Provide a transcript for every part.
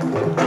Thank you.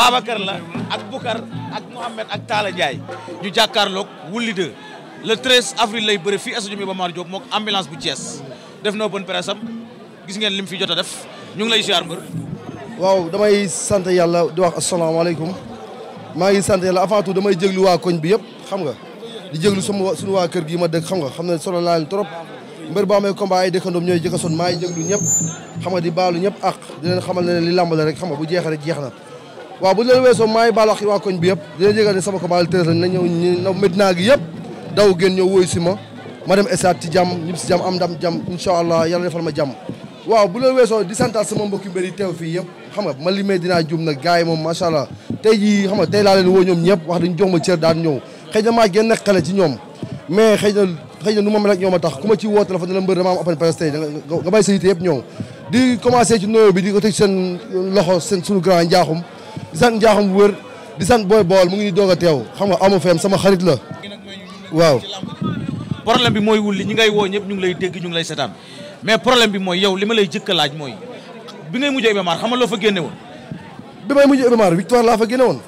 Babacar la ak Boucar ak Mouhamed ak Talla Ndiaye ñu jàkkaarloog Wouly 2 le 13 avril lay bëre fii stade Iba Mar Diop mook ambulance bu Thiès def na open press am gis ngeen lim fi jot a def ñu ngi lay ziar mbër. waaw damay sant yàlla di wax asalaamaaleykum maa ngi sant yàlla avant tout damay jéglu waa koñ bi yëpp xam nga di jéglu sama suñu waa kër gi ma dëkk xam nga xam ne solo naa leen trop mbër ba amee combat ay dëkkandoom ñooy jëkka son maa ngi ñëpp xam nga di baalu ñëpp ak di ne li làmb la rek xam nga bu jeexee rek jeex na waaw bu loolu weesoo maa ngi baal wax waa koñ bi yëpp dina jégal ne sama combat le treize na ñëw ñëw Medina gi yëpp ñëw wóoy si ma ma dem stade ci jàmm ñib si jàmm am ndam jàmm incha allah yàlla defal ma jàmm waaw bu loolu weesoo di santaat sama mbokki mbër yi teew fii yëpp xam nga ma limee dinaa jum nag gars yi moom macha allah te ji xam nga tey laa leen woo ñoom ñëpp wax dañu jox ma cër daan ñëw xëy na maa gën nag xale ci ñoom mais xëy na xëy na nu ma mel ak ñoom a tax ku ma ci woo la mbër dama am open press ci bi di ko teg seen loxo seen suñu grand njaaxum di sant njaaxum bu wër di sant booy bool mu ngi ñu doog a xam nga amu feem sama xarit la waaw. problème bi mooy wulli ñi ngay woo ñëpp ñu ngi lay dégg ñu ngi lay seetaan mais problème bi mooy yow li ma lay jëkk a laaj mooy bi ngay mujjee Iba Mar xam nga loo fa génne woon. bi may mujjee Iba Mar victoire laa fa génne woon.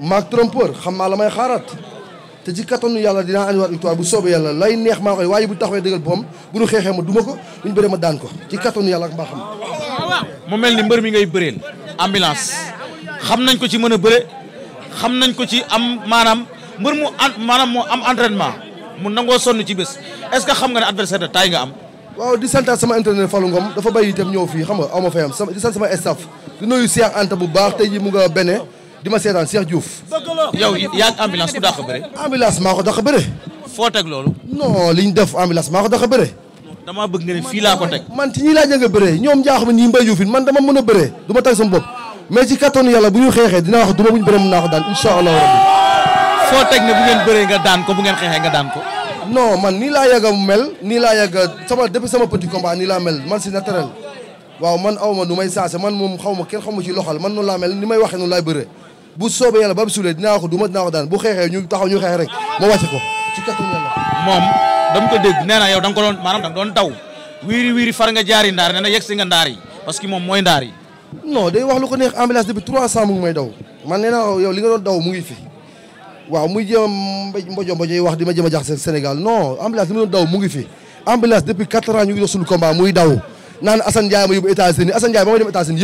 maak trompeur xam naa la may xaaraat te ci kattanu yàlla dinaa andiwaat victoire bu soobee yàlla lay neex maa koy waaye bu taxawee dëggal boppam bu ñu xeexee ma duma ko bu ma daan ko ci kattanu yàlla ak mbaaxam. mel ni mbër mi ngay bëreel ambulance. xam nañ ko ci mën a bëre xam nañ ko ci am maanaam mbër mu maanaam mu am entraînement mu nangoo sonn ci bés est ce que xam nga ne adversaire de taille nga am. waaw di santaat sama entraîneur Fallou Ngom dafa bàyyi itam ñëw fii xam nga aw ma fayam sama di sant sama staff di bu baax tey jii mu nga bene di ma seetaan Cheikh Diouf. yow yaa ngi ambulance ku dàq bëre. ambulance maa ko dàq bëre. foo teg loolu. non li def ambulance maa ko a bëre. damaa bëgg nga ne fii laa ko teg. man ci ñii laa jàng a bëree ñoom jaaxuma ñii mbay man dama mën a bëree ma teg sama bopp mais ci kattanu yàlla bu ñu xeexee dina wax duma bu ñu bëree naa ko daan incha allahu rabbi. teg ne bu nga daan bu ngeen xeexee nga daan ko. non man nii laa yàgg a mel nii laa yàgg sama depuis sama petit combat nii laa mel man si naturel waaw man awma nu may sensé man moom xaw ma kenn xaw ma ci loxal man noonu laa mel ni may waxee nu laay bëree bu soobee yàlla ba bu suulee dinaa ko duma dinaa ko daan bu xeexee ñu taxaw ñu xeex rek ma wàcce ko moom dama ko dégg nee na yow da ko doon maanaam da nga doon daw wiiri wiiri far nga jaari ndaar nee na yegg parce que moom mooy ndaar yi non day wax lu ko neex ambulance depuis 300 mu ngi may daw man nee daw mu ngi fi waaw muy jéem a mbojo mbojo a Sénégal non ambulance li daw mu ngi fi ambulance depuis 4 ans ñu ngi doon muy daw naan Assane Ndiaye ma yóbbu États-Unis Assane Ndiaye ba may ma États-Unis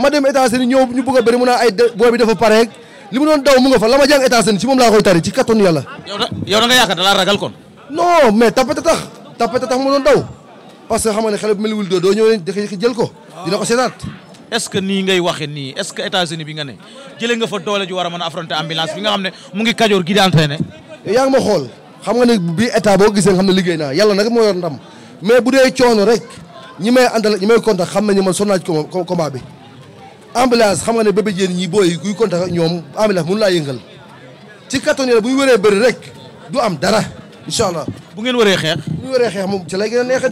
ma dem États-Unis ñëw ñu bëgg a bëri mu naan daw mu nga fa la ma jàng ci moom laa koy ci kattanu yàlla. yow nga yaakaar da laa ragal kon. non mais tapete parce que xam nga ne xale bu mel ni Wildo doo ñëw leen da jël ko. Ah. dina ko seetaat. est-ce que nii ngay waxe nii est-ce que États-Unis bi nga ne jëlee nga fa doole ju war a mën a ambulance bi nga xam ne mu ngi kajoor gi di entraîné. yaa ngi ma xool xam nga ne bi état boo gisee xam ne liggéey naa yàlla nag moo yor ndam mais bu dee coono rek ñi may àndal ñi may contact xam nañu man sonn naa ci combat bi. ambulance xam nga ne bébé jéen ñi booy kuy contact ñoom ambulance mënu laa yëngal ci kattan yàlla bu ñu wéree bëri rek du am dara incha bu ngeen waree xeex bu ñu waree xeex moom ci lay gën a neexa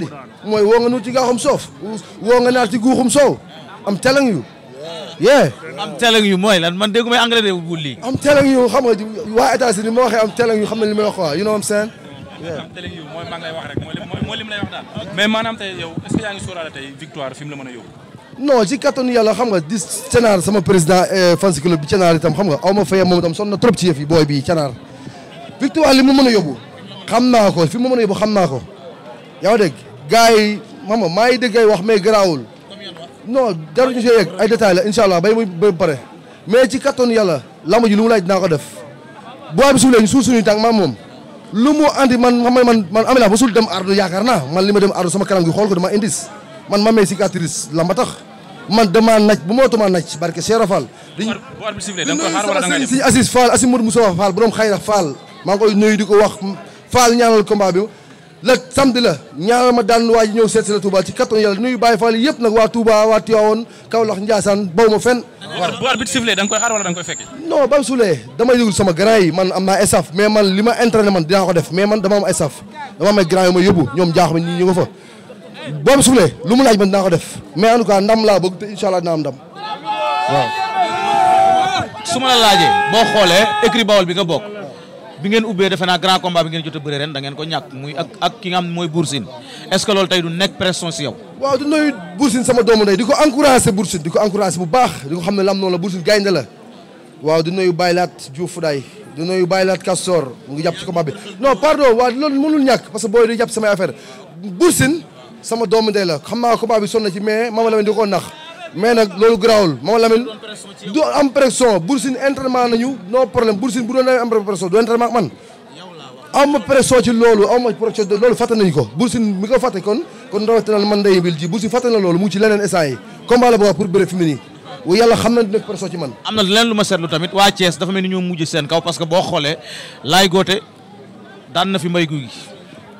yu yee am yu mooy lan man de bu lii am teleng yu xam nga waa États-Unis ma waxee am teleng xam ne may wax quoi you know am seen maanaam tey yow est-ce que yaa victoire fi mu la mën a yóbbu non ci kattanu yàlla xam nga di Canaar sama président eh, fans club bi Canaar xam nga aw ma faye moom itam sonn na trop ci yëf yi booy bi Canaar victoire li mën a yóbbu xam naa ko fi mu mën a yóbbu xam naa ko yaa ngi dégg ma yi xam nga maa ngi dégg wax mais garaawul non jarul ñu si yegg ay détails la incha allah ba pare mais ci kattan yàlla lamb ji lu mu laaj dinaa ko def bu waa bi suuf leen suuf suñuy tànk maam moom lu mu andi man ma xam man man am naa mosul dem ardu yaakaar naa man li ma dem ardu sama kanam gi xool ko dama indis man ma may cicatrice lamba tax man dama naaj bu moo tuma naaj barke Cheikh Fall. di bu war bi suuf leen da nga ko xaar wala da nga def di nuyu sama Fall ñaanal combat bi la samedi la ñaanal ma daan waa ji ñëw seet si la Touba ci kattan yàlla nuyu Baye Fall yëpp nag waa Touba waa Tivaouane Kaolack Ndiassane baw ma fenn. bu arbitre bi sifflé damay yëgul sama grand yi man am naa estaf mais man li ma entraîné man dinaa ko def mais man dama am estaf dama am ay grand yu yóbbu ñoom jaax ma ñi ñu nga fa. boobu suulee lu mu laaj man dinaa ko def mais en tout cas ndam laa bëgg te incha allah ndam waaw. su ma la laajee boo xoolee écrit bawol bi nga bokk bi ngeen ubbee defe naa grand combat bi ngeen jot a bëre ren da ngeen ko ñàkk muy ak ki nga mooy Boursin est-ce que loolu tey du nekk pression si yow waaw du nuyu Boursin sama doomu ndey di ko encouragé Boursin du nuyu Baylaat Diouf Daay ngi jàpp ci combat bi non pardon waaw loolu mënul ñàkk parce que booy di jàpp samay affaire Boursin sama doomu ndey la xam naa combat bi sonn na ci mais mama la di ko nax mais nag loolu garaawul moom Lamine du am pression Bour Sine nañu no problème Bour bu doon am pression du entraînement man am pression ci loolu am ko Bour Sine mi ko fàtte kon kon rawatina man Ndeye Mbil ji Bour loolu mu ngi ci leneen instant yi combat la boo pour bëre fi nii wu yàlla xam na dina pression ci man am na leneen lu ma seetlu tamit waa Thiès dafa mel ni ñoo mujj seen kaw parce que boo xoolee laay goote daan na fi mbay guy gi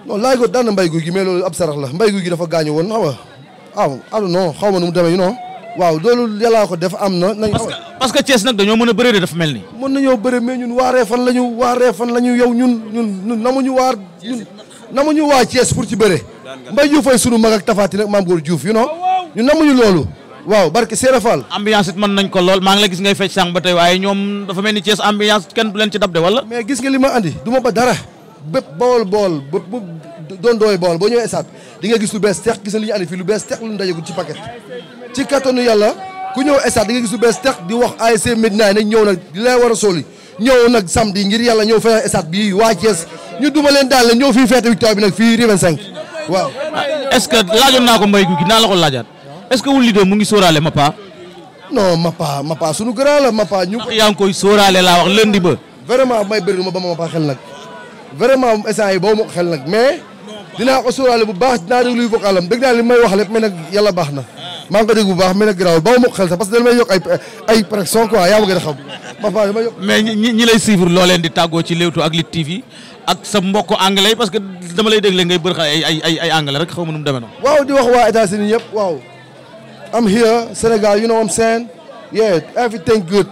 non laay goote daan mbay guy gi mais loolu ab la mbay guy gi dafa gaañu woon xam nga ah, ah xaw ma nu mu demee non waaw loolu yàllaa ko def am na. nañ parce que Thiès nag dañoo mën a bëre de dafa mel ni. mën nañoo bëre mais ñun waaree fan la ñu waaree fan la ñu yow ñun ñun ñun namuñu waar ñun namuñu waa cees pour ci bëre. Mbaye Diouf fay sunu mag ak Tapha Tine ak Mame Gor Diouf you know namuñu loolu. waaw barke Serap Fall. ambiance it mën nañ ko lool maa ngi la gis ngay fecc sànq ba tey waaye ñoom dafa mel ni Thiès ambiance kenn du leen ci dab de wala. mais gis nga li ma andi du ma ba dara bépp bool bool bu doon dooy bool boo ñëwee esaat di nga gis lu bees tex gis na li ñu andi fii lu bees tex lu ñu dajagul ci paquet ci kattanu yàlla ku ñëw esaat di nga gis lu bees tex di wax ASC Médina nag ñëw nag di lay war a sóoli ñëw nag samedi ngir yàlla ñëw fee esaat bi waa Thiès ñu duma leen daal la ñëw fii feete victoire bi nag fii Rue 25 waaw. es ce que laajoon naa ko mbay gi naa la ko laajaat est-ce que Woulido mu ngi sóoraale Mapa. non Mapa Mapa sunu grand la Mapa. ñu ko yaa ngi koy laa wax lundi ba. vraiment may bëri ma ba ma Mapa xel nag vraiment instant yi boo ma dinaa ko sóoraale bu baax dinaa déglu luy vocal am dégg naa li may wax lépp mais nag baax na maa ngi ko bu baax mais nag garaawul ba mu xel sax parce que yokk ay ay pression quoi yaa ma gën a xam ma ñi ñi lay suivre loo leen di tàggoo mbokk anglais parce que dama lay déglee ngay bër ay ay ay anglais rek xaw ma nu mu demee noonu waaw di wax waa États-Unis yëpp waaw I'm here Sénégal you know I'm saying everything good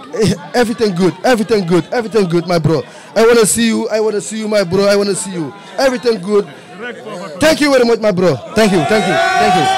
everything good everything good my bro I wanna see see you I wanna see you Thank you very much, my bro. Thank you, thank you, thank you.